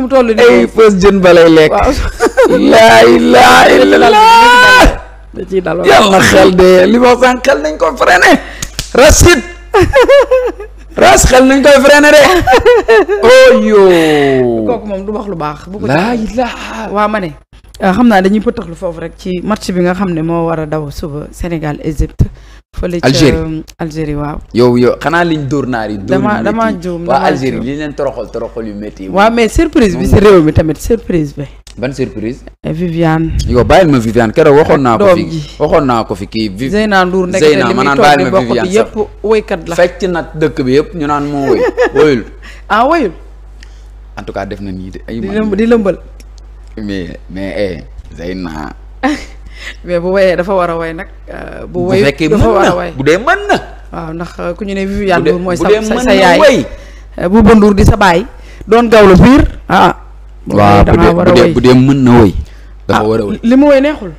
mu toll nii ay fës jën balay lekk. laa ilaaha illallaah da ciy xel de li ma sànq xel nañ ko freiné. rasit xel nañ koy de. oh yoo. kooku moom du wax lu baax. bu ko laa ilaaha waa ma ne. Ah, xam naa dañuy lu foofu rek ci match bi nga xam ne moo war a daw suba Sénégal Égypte. fële ca Algérie waaw. yow yow xanaa liñ dóor naar yi. dama juum waa Algérie li leen toroxal toroxal yu métti. waa mais surprise bi si réew mi tamit surprise bi. ban surprise. Eh, Viviane. yow bàyyil ma Viviane keroog waxoon naa ko fi waxoon naa ko fi kii. Viv Zeyna Ndour nekk na li muy toog di bokk bi yëpp woykat la fecc na dëkk bi yëpp ñu naan moo woy woyul. ah woyul. en tout cas def na nii de. ay di lëmbal. mais mais eh, Zeyna. mais bu woyee dafa war a way nag. Euh, bu wayee dafa war a way bu dee mën na. waaw ndax euh, ku ñu ne Viviane Ndour mooy. sa sa yaay bu euh, bu Ndour di sa baay. doon gawlo biir ah. waaw bu dee bu dee mën na way. dafa ah, war a way li mu woy neexul.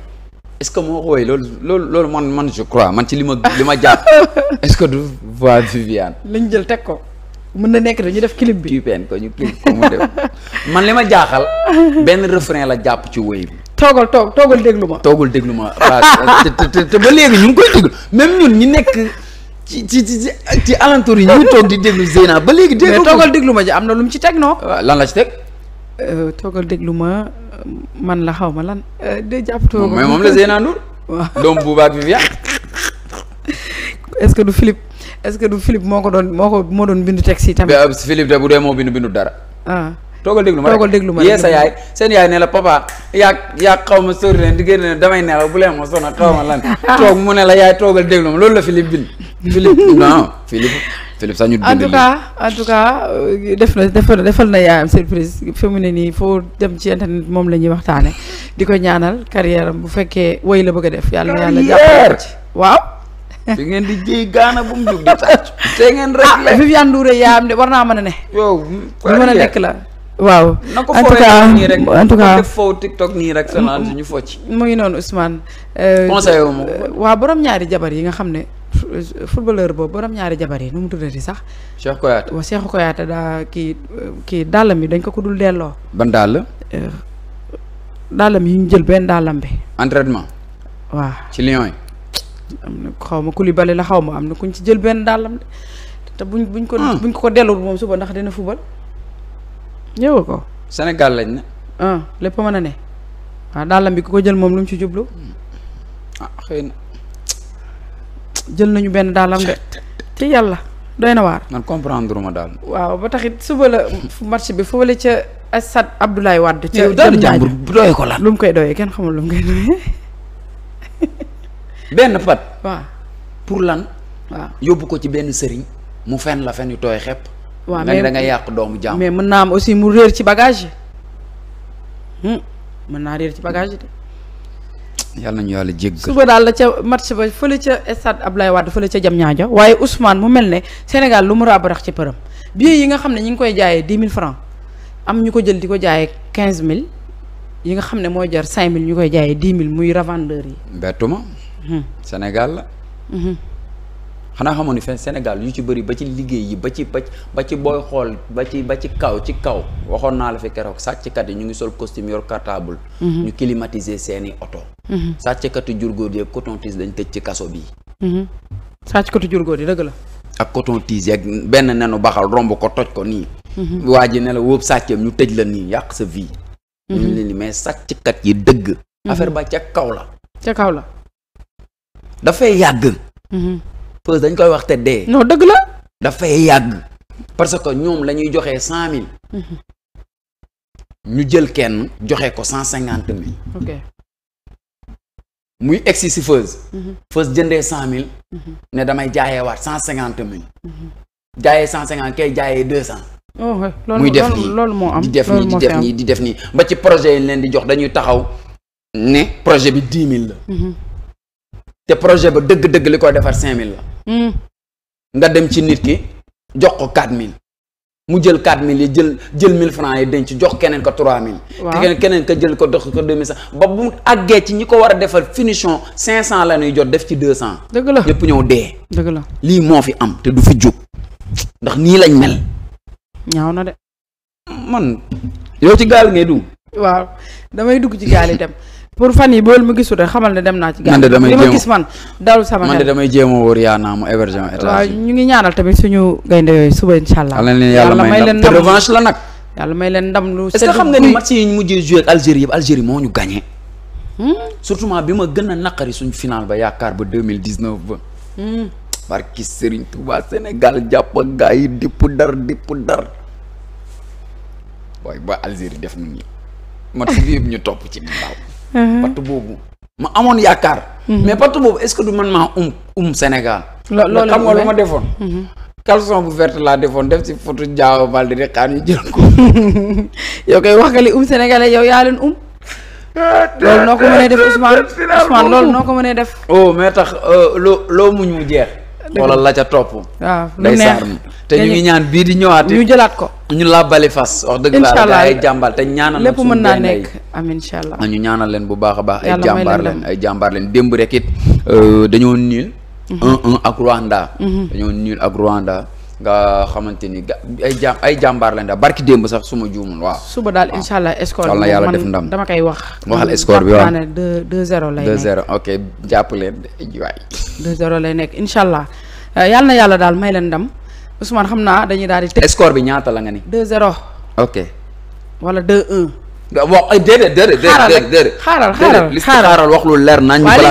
est-ce que moo ko way loolu loolu man man je crois man ci li ma li ma jàpp est-ce que du voix Viviane. lañ jël teg ko. mën na nekk dañu def clip bi. ñu ñu man li ma jaaxal benn refrain la jàpp ci woy bi. toogal toog toogal déglu ma. toogal déglu ma waaw te te ba léegi ñu ngi koy déglu même ñun ñi nekk ci ci ci ci alentour yi ñu toog di déglu Zeyna ba léegi. déglu mais toogal déglu ma ji am na lu mu ci teg noo. lan la ci teg. Euh, toogal déglu ma man la xaw ma lan. Euh, de jàpp toogal mais moom la Zeyna Ndour. waaw doomu Bouba ak Viviane. est-ce que du Philippe est-ce que du Philippe moo ko doon moo ko moo doon bindu texte yi tamit. Philippe de bu dee moo bindu bindu dara. ah. toogal déglu ma rek toogal déglu ma rek sa yaay seen yaay ne la papa yaa yaa xaw ma sori leen di génn damay nelaw bu leen ma sonal xaw ma lan toog mu ne la yaay toogal déglu ma loolu la Philippe bind Philippe non Philippe Philippe sax ñu bind en tout en tout cas euh, def na defal na defal na yaayam surprise fi ne nii foo dem ci internet moom la ñuy waxtaane di ko ñaanal carrière bu fekkee woy la bëgg def yàlla yàlla jàppale ci waaw fi ngeen di jiy gaana bu mu jug di tàcc te ngeen rek ah, yaayam de war naa mën a ne yow lu a nekk la waaw en tout cas en tout cas foo TikTok nii rek Solange ñu focc mu ngi noonu Ousmane. Euh, conseil wu ma euh, waaw borom ñaari jabar yi nga xam ne euh, footballeur boobu borom ñaari jabar yi nu mu tuddati sax. Cheikh Koyaate waaw Cheikh Koyaate daa kii kii dàllam yi dañ ko ko dul delloo. ban dàll. dàllam yi ñu jël benn dàllam bi. entraînement. waaw ci lion yi. xaw ma Koulibaly la xaw ma am na kuñ ci jël benn dàllam de te buñ buñ ko. Ah. buñ ko ko dellul moom suba ndax dina fubal. ñëwoo ko. Sénégal lañ ne. Ah, lépp mën a ne. waaw ah, dàllam bi ku ko jël moom lu mu ci jublu. Ah, jël nañu benn dàllam de. ci yàlla doy na waar. man comprendre ma daal. waaw ba taxit suba la match bi foofu la ca stade Abdoulaye Wade. ca jël jàmbur bu doyee ko la lu mu koy doyee kenn xamul lu mu koy doyee. benn pat. waaw pour lan. waaw yóbbu ko ci benn sëriñ mu fen la fen yu tooy xepp. waaw mais da nga yàq doomu jàmm mais mën naa am aussi mu réer ci bagage yi hmm, mën naa réer ci bagage yi de. yàlla nañu yàlla jéggal suba daal la ca match ba fële ca stade Abdoulaye Wade fële ca Diamniadio waaye Ousmane mu mel ne Sénégal lu mu rabrax ci përëm billets yi nga xam ne ñu ngi koy jaayee dix mille francs am ñu ko jël di ko jaayee quinze mille yi nga xam ne mooy jar cinq mille ñu koy jaayee dix mille muy revendeur yi. mbettuma hmm. Sénégal la. Hmm. xanaa xamoon ni fenn Sénégal yu ci bëri ba ci liggéey yi ba ci ba ci booy xool ba ci ba ci kaw ci kaw waxoon naa la fi keroog sàcckat yi ñu ngi sol costume yor cartable mhm. ñu climatiser seeni oto mhm. sàcckatu jurgóor yeeg coton dañ tëj ci kaso bii mhm. sàcckatu jurgóor yi dëgg la ak coton tige yeeg benn nenu baxal romb ko toj ko nii waa ji ne la wóob sàcceem ñu tëj la nii yàq sa vie ñu leen ni mais sàcckat yi dëgg affaire ba ca kaw la ca kaw la dafay yàgg Peuz dañ koy wax te dee. non dëgg la. dafay yàgg. parce que ñoom la ñuy joxe cent mille. Mhm. ñu jël kenn joxe ko cent cinquante mille. ok muy egsi si Peuz. Peuz mhm. jëndee cent mille. Mhm. ne damay jaayewaat cent cinquante mille. jaayee cent cinquante kay jaaye deux cent. Oh, muy def nii loolu moo am di def nii di def nii ba ci projet yi leen di jox dañuy taxaw ne projet bi dix mille la. te projet ba dëgg-dëgg li koy defar cinq mille la. Hmm. nga dem ci nit ki jox ko mille mu jël 4000 yi jël jël mille francs yi denc jox keneen ko 3000. waaw keneen ka jël ko dox ko 2000 ba bu àggee ci ñi ko war a defal finition 500 la ñuy jot def ci 200. dëgg la ñëpp ñëw dee. dëgg la lii moo fi am te du fi jóg ndax nii lañ mel. ñaaw na de. man yow ci gaal ngay dugg. waaw damay dugg ci gaal yi dem. pour fan yi bool mu gisul rek xamal ne dem naa ci. man de ma gis man dalul sama man de damay jéem a yaa naa mu hébergement ñu ngi ñaanal tamit suñu gaynde yooyu suba incha allah. yàlla may leen ndam revanche la nag. yàlla may leen ndam lu. est xam nga ni match yi ñu mujjee joué ak Algérie yëpp Algérie moo ñu gagné. Hmm? surtout bi ma gën a naqari suñu final ba yaakaar ba deux mille dix-neuf ba. Hmm. barki Serigne Touba Sénégal jàpp ak gars yi dipp dar dipp dar ba Algérie def nañu match bi yëpp ñu topp ci mbaaw Mm-hmm. parti boobu ma amoon yaakaar mm-hmm. mais parti boobu est-ce que du man maa um um Sénégal loolu xam nga lu ma defoon mm-hmm. caleçon bu verte laa defoon def si photo Diao Baldé rek xaar ñu jël ko yow koy wax nga li um sénégalais yow yaa um loolu noo ko mënee def Ousmane Ousmane loolu noo ko mënee def oh mais tax euh, loo loo muñ jeex xoolal la ca topp. waaw day saan te ñu ngi ñaan bii di ñëwaat. ñu jëlaat ko ñu làbbali fas. wax dëgg la ay jàmbaar te lépp mën naa nekk am incha allah ah, ñu ñaanal leen bu baax a baax. ay jàmbaar leen ay jàmbaar leen démb rek it euh, dañoo niil. Mhm. ak Rwanda. Mhm. dañoo niil ak Rwanda. nga xamante ni ga ay jàmm ay jàmbaar lañ daal barki démb sax su ma juumul waaw. suba daal incha allah score bi yàlla def ndam dama koy wax. waxal score bi waaw ne 2 2 0 lay nekk 2 0 jàpp leen waay. 2 lay nekk incha euh, yàlla yàlla daal may leen ndam Ousmane xam naa dañuy daal di. teg score bi ñaata la nga ni 2 0. ok wala 2 1. waaw eh, déedéet déedéet. xaaral xaaral xaaral wax lu leer nañ.